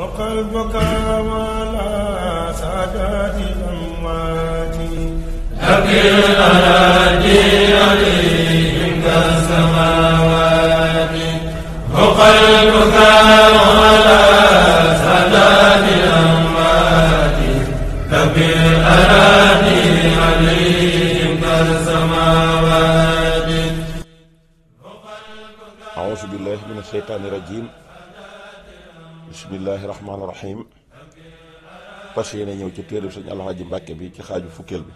وقلبك ولا سادات الأموات لكن أرادي عليهم كالسماوات وقلبك ولا سادات الأموات لكن أرادي عليهم كالسماوات أعوذ بالله من الشيطان الرجيم bismillaahi rahmaani rahiim fas yéene ñëw ci téereb sëñ alxaaji mbàkke bi ci xaaju fukkeel bi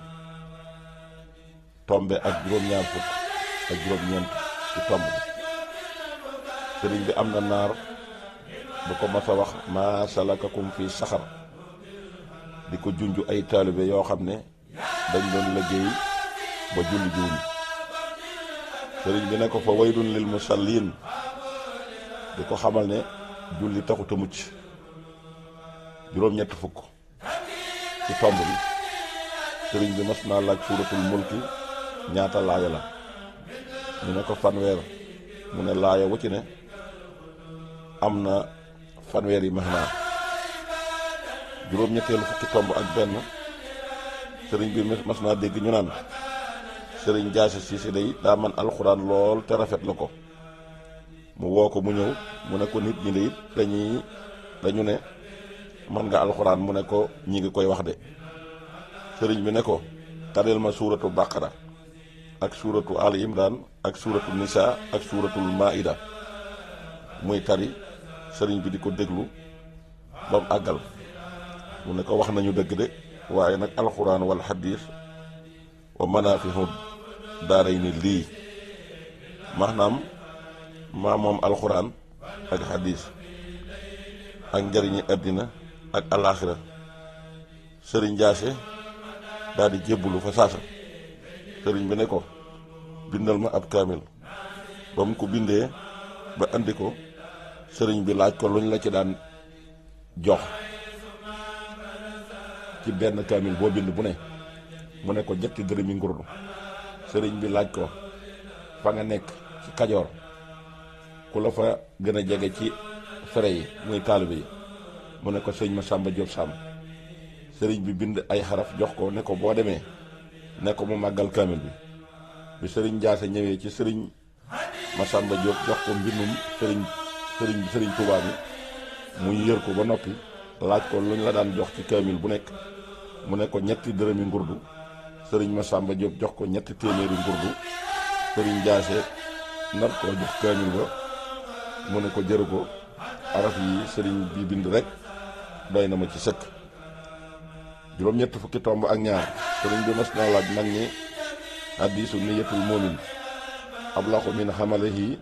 tombe ak juróom-ñaar fukk ak juróom-ñeent ci tomb bi sëriñ bi am na naar bu ko mas a wax maa fi fii saxar di ko junj ay taalibe yoo xam ne dañ doon liggéey ba julli juuñu sëriñ bi ne ko fa waylun lil musalliin di ko xamal ne julli taxut a mucc juróom-ñett fukk ci tomb bi sëriñ bi mas naa laaj suuratul mulki ñaata laaya la ñu ne ko fanweer mu ne laaya wu ci ne am na fanweer yi maanaa juróom-ñetteelu fukki tomb ak benn sëriñ bi mas naa dégg ñu naan sëriñ Jaasi si day daa man alxuraan lool te rafet la ko mu woo ko mu ñëw mu ne ko nit ñi de it dañu ne man nga alxuraan mu ne ko ñi ngi koy wax de sëriñ bi ne ko tareel ma suuratu baqara ak suuratu ali imran ak suuratu nisa ak suuratul maida muy tari sëriñ bi di ko déglu ba mu àggal mu ne ko wax nañu dëgg de waaye nag alxuraan wal xadiis wa manaafihu daaray ni lii maa moom alxuraan ak xadiis ak njariñi àddina ak alaaxira sëriñ jaase daal di fa saasa sëriñ bi ne ko bindal ma ab kaamil ba mu ko bindee ba indi ko sëriñ bi laaj ko luñ la ci daan jox ci benn kaamil boo bind bu ne mu ne ko ñetti dërëmi ngurdu sëriñ bi laaj ko fa nga nekk ci kajoor ku la fa gën a jege ci fere yi muy taalibe yi mu ne ko sëñ ma Sàmba Jóob Sàmb sëriñ bi bind ay xaraf jox ko ne ko boo demee ne ko mu màggal kaamil bi bi sëriñ Njaase ñëwee ci sëriñ ma Sàmba Jóob jox ko mbindum sëriñ sëriñ sëriñ Tuubaa bi mu yër ko ba noppi laaj ko luñ la daan jox ci kaamil bu nekk mu ne ko ñetti dërëmi ngurdu sëriñ ma Sàmba Jóob jox ko ñetti téeméeri ngurdu sëriñ Njaase nar koo jox kaamil ba mu ne ko jëru ko araf yi sëriñ bi bind rek doy na ma ci sëkk juróom-ñett fukki tomb ak ñaar sëriñ bi mas naa laaj mag ñi hadiisu niyatul muumin ablaxu min xamalihi yi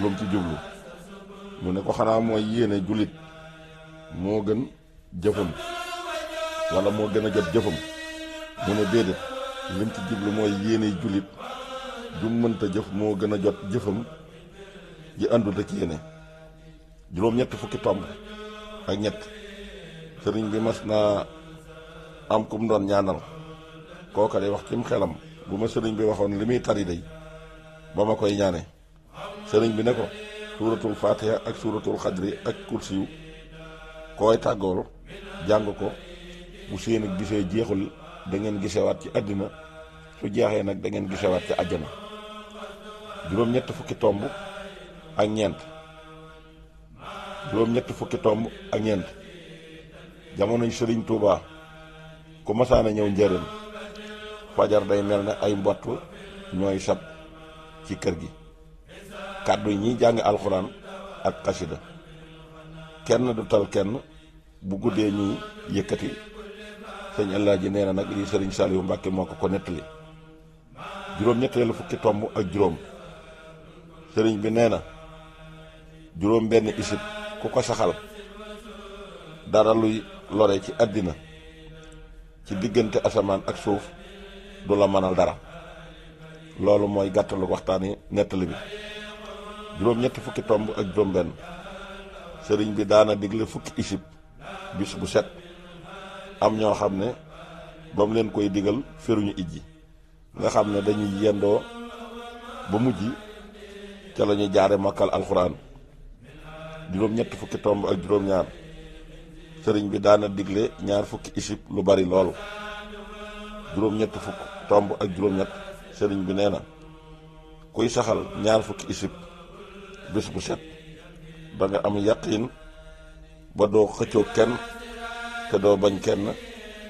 mu ci jublu mu ne ko xanaa mooy yéene jullit moo gën jëfam walla moo gën a jot jëfam mu ne déedéet lim ci jublu mooy yéene jullit ju mënta jëf moo gën a jot jëfam ji àndul ak yéene juróom-ñett fukki tomb ak ñett sëriñ bi mas naa am kum doon ñaanal kooka day wax cim xelam bu ma sëriñ bi waxoon li muy tari day ba ma koy ñaane sëriñ bi ne ko suuratul faatiha ak suuratul xadri ak kursiyu koy tàggool jàng ko bu seen gisee jeexul da ngeen gisewaat ci àddina su jeexee nag dangeen ngeen gisewaat ci àjjana juróom-ñett fukki tomb ak ñeent juróom ñetti fukki tomb ak ñeent jamonoy sëriñ Touba ku masaana ñëw njëriñ fajar day mel na ay mbott ñooy sab ci kër gi kàddu yi ñiy jàng alxuraan ak xasida kenn du tal kenn bu guddee ñuy yëkkati sëñ yi nee na nag lii sëriñ Saliou Mbàkke moo ko ko nettali juróom-ñetteelu fukki tomb ak juróom sëriñ bi nee na juróom benn isib ku ko saxal dara luy lore ci àddina ci diggante asamaan ak suuf du la mënal dara loolu mooy gàttalu waxtaani nettali bi juróom ñetti fukki tomb ak juróom benn sëriñ bi daana digle fukki isib bis bu set am ñoo xam ne ba leen koy digal feruñu ijji nga xam ne dañuy yendoo ba mujj ca la ñu jaare màkkal alxuraan juróom-ñett fukki tomb ak juróom-ñaar sëriñ bi daana digle ñaar fukki isib lu bari lool juróom-ñett fukk tomb ak juróom-ñett sëriñ bi nee na kuy saxal ñaar fukki isib bés bu set da am yaqin ba doo xëccoo kenn te doo bañ kenn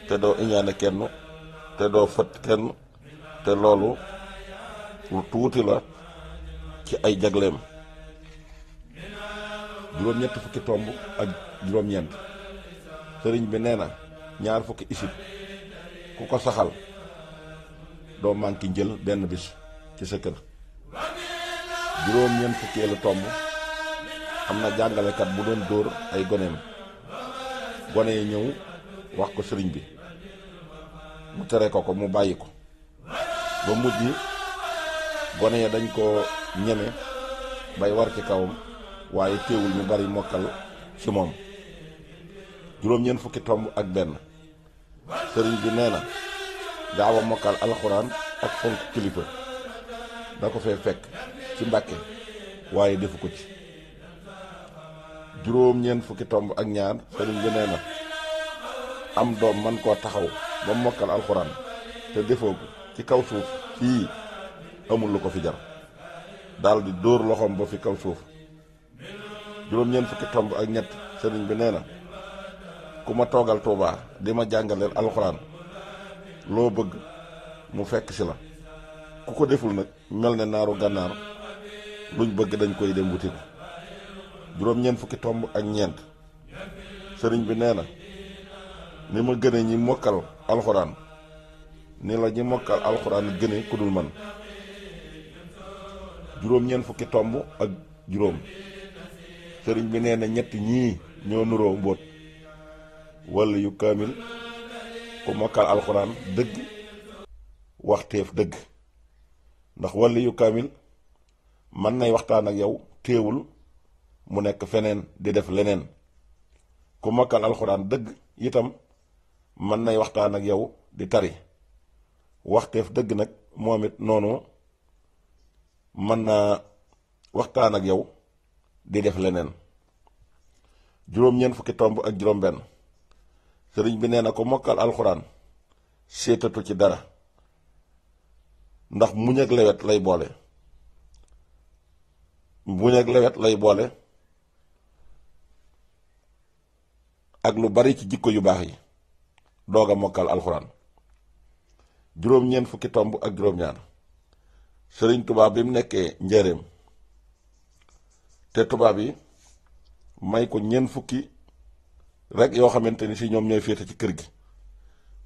te doo iñaane kenn te doo fët kenn te loolu lu tuuti la ci ay jagleem juróom-ñett fukki tomb ak juróom-ñeent sëriñ bi nee na ñaar fukki isib ku ko saxal doo manqué njël benn bis ci sa kër juróom-ñeent fukkeelu tomb am na jàngalekat bu doon dóor ay goneem gone yi ñëw wax ko sëriñ bi mu tere ko ko mu bàyyi ko ba yi gone yi dañ ko ñeme bay war ci kawam waaye teewul ñu bari mokkal ci moom juróom-ñeent fukki tomb ak benn sëriñ bi nee na gaaw mokkal alxuraan ak fonk kilifa da ko fee fekk ci mbàkke waaye defu ko ci juróom-ñeent fukki tomb ak ñaar sëriñ bi nee na am doom man koo taxaw ba mokkal alxuraan te defoo ko ci kaw suuf fii amul lu ko fi jar daldi di dóor loxoom ba fi kaw suuf juróom-ñeent fukki tomb ak ñett sëriñ bi nee na ku ma toogal Touba di ma jàngaleel alxuraan loo bëgg mu fekk si la ku ko deful nag mel ne naaru gànnaar luñ bëgg dañ koy dem wuti ko juróom-ñeent fukki tomb ak ñeent sëriñ bi nee na ni ma gëne ñi mokkal alxuraan ni la ñi mokkal alxuraan gëne ku dul man juróom-ñeent fukki tomb ak juróom sëriñ bi nee na ñett ñii ñoo nuroo mbóot wala yu kaamil ku mokkal alxuraan dëgg waxteef dëgg ndax wala yu kaamil mën nay waxtaan ak yow téewul mu nekk feneen di def leneen ku mokkal alxuraan dëgg itam mën nay waxtaan ak yow di tari waxteef dëgg nag moom it noonu mën naa waxtaan ak yow di def leneen juróom-ñeent fukki tomb ak juróom-benn sëriñ bi nee na ko mokkal alxuraan seetatu ci dara ndax muñ ak lewet lay boole muñ ak lewet lay boole ak lu bari ci jikko yu baax yi doog a mokkal alxuraan juróom-ñeent fukki tomb ak juróom-ñaar sëriñ tubaab bi mu nekkee njëreem te tubaab yi may ko ñeent fukki rek yoo xamante ni si ñoom ñooy féete ci kër gi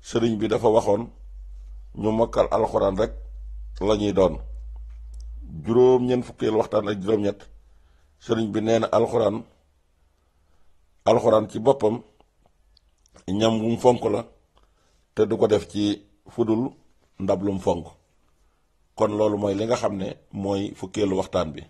sëriñ bi dafa waxoon ñu mokkal alxuraan rek la ñuy doon juróom ñeent fukkeel waxtaan ak juróom-ñett sëriñ bi nee na alxuraan alxuraan ci boppam ñam wum fonk la te du ko def ci fudul ndab lum fonk kon loolu mooy li nga xam ne mooy fukkeelu waxtaan bi